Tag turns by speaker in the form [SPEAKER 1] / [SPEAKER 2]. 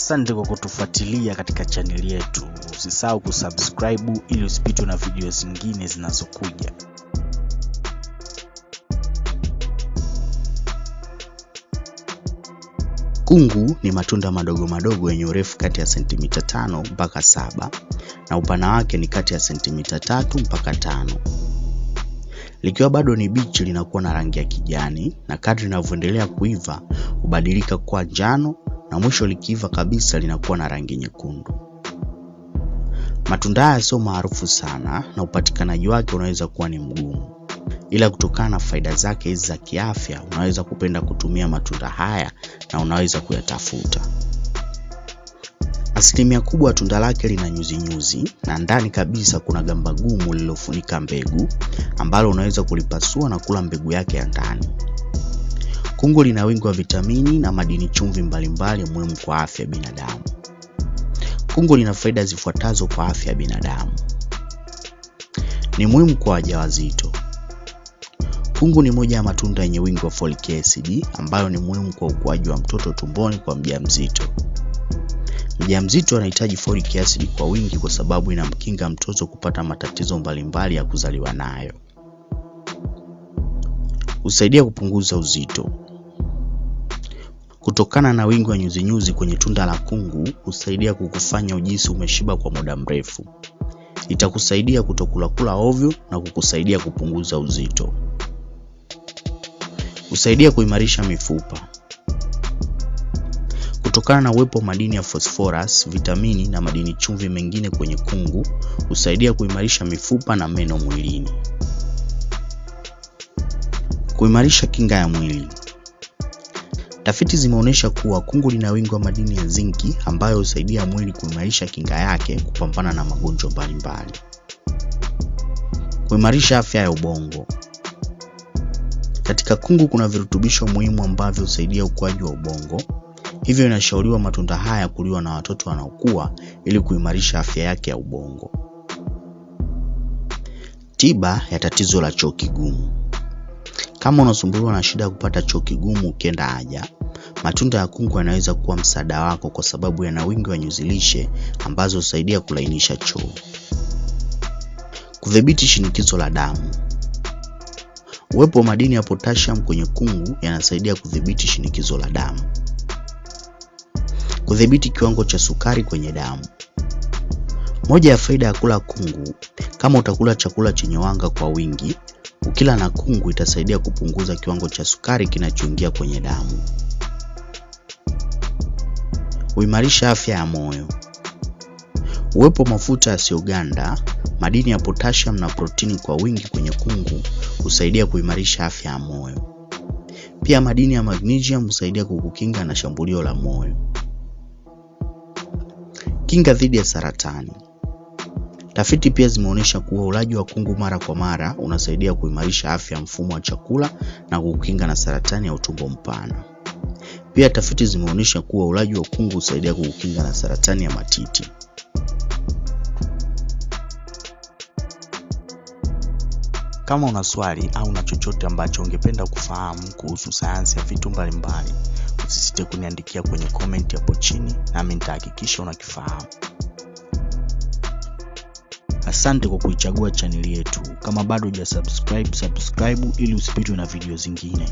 [SPEAKER 1] Asante kwa kutufuatilia katika chaneli yetu. Usisahau kusubscribe ili usipitwe na video zingine zinazokuja. Kungu ni matunda madogo madogo yenye urefu kati ya sentimita tano mpaka saba na upana wake ni kati ya sentimita tatu mpaka tano. Likiwa bado ni bichi linakuwa na rangi ya kijani na kadri linavyoendelea kuiva hubadilika kuwa njano na mwisho likiiva kabisa linakuwa na rangi nyekundu. Matunda haya sio maarufu sana na upatikanaji wake unaweza kuwa ni mgumu, ila kutokana na faida zake hizi za kiafya unaweza kupenda kutumia matunda haya na unaweza kuyatafuta. Asilimia kubwa tunda lake lina nyuzinyuzi na ndani kabisa kuna gamba gumu lililofunika mbegu ambalo unaweza kulipasua na kula mbegu yake ya ndani. Kungu lina wingi wa vitamini na madini chumvi mbalimbali muhimu kwa afya binadamu. Kungu lina faida zifuatazo kwa afya ya binadamu. Ni muhimu kwa wajawazito. Kungu ni moja ya matunda yenye wingi wa folic acid ambayo ni muhimu kwa ukuaji wa mtoto tumboni kwa mjamzito. Mjamzito anahitaji folic acid kwa wingi kwa sababu inamkinga mtoto kupata matatizo mbalimbali ya kuzaliwa nayo. Husaidia kupunguza uzito. Kutokana na wingi wa nyuzinyuzi kwenye tunda la kungu husaidia kukufanya ujisi umeshiba kwa muda mrefu. Itakusaidia kutokulakula ovyo na kukusaidia kupunguza uzito. Husaidia kuimarisha mifupa. Kutokana na uwepo wa madini ya phosphorus, vitamini na madini chumvi mengine kwenye kungu, husaidia kuimarisha mifupa na meno mwilini. Kuimarisha kinga ya mwili. Tafiti zimeonyesha kuwa kungu lina wingi wa madini ya zinki ambayo husaidia mwili kuimarisha kinga yake kupambana na magonjwa mbalimbali. Kuimarisha afya ya ubongo. Katika kungu kuna virutubisho muhimu ambavyo husaidia ukuaji wa ubongo, hivyo inashauriwa matunda haya kuliwa na watoto wanaokua ili kuimarisha afya yake ya ubongo. Tiba ya tatizo la choo kigumu. Kama unasumbuliwa na shida ya kupata choo kigumu ukienda haja, matunda ya kungu yanaweza kuwa msaada wako kwa sababu yana wingi wa nyuzi lishe ambazo husaidia kulainisha choo. Kudhibiti shinikizo la damu. Uwepo wa madini ya potassium kwenye kungu yanasaidia kudhibiti shinikizo la damu. Kudhibiti kiwango cha sukari kwenye damu. Moja ya faida ya kula kungu, kama utakula chakula chenye wanga kwa wingi Ukila na kungu itasaidia kupunguza kiwango cha sukari kinachoingia kwenye damu. Huimarisha afya ya moyo. Uwepo mafuta yasiyoganda, madini ya potassium na protini kwa wingi kwenye kungu husaidia kuimarisha afya ya moyo. Pia madini ya magnesium husaidia kukukinga na shambulio la moyo. Kinga dhidi ya saratani. Tafiti pia zimeonyesha kuwa ulaji wa kungu mara kwa mara unasaidia kuimarisha afya ya mfumo wa chakula na kukinga na saratani ya utumbo mpana. Pia tafiti zimeonyesha kuwa ulaji wa kungu husaidia kukinga na saratani ya matiti. Kama una swali au na chochote ambacho ungependa kufahamu kuhusu sayansi ya vitu mbalimbali, usisite kuniandikia kwenye komenti hapo chini, nami nitahakikisha unakifahamu. Asante kwa kuichagua chaneli yetu. Kama bado hujasubscribe, subscribe ili usipitwe na video zingine.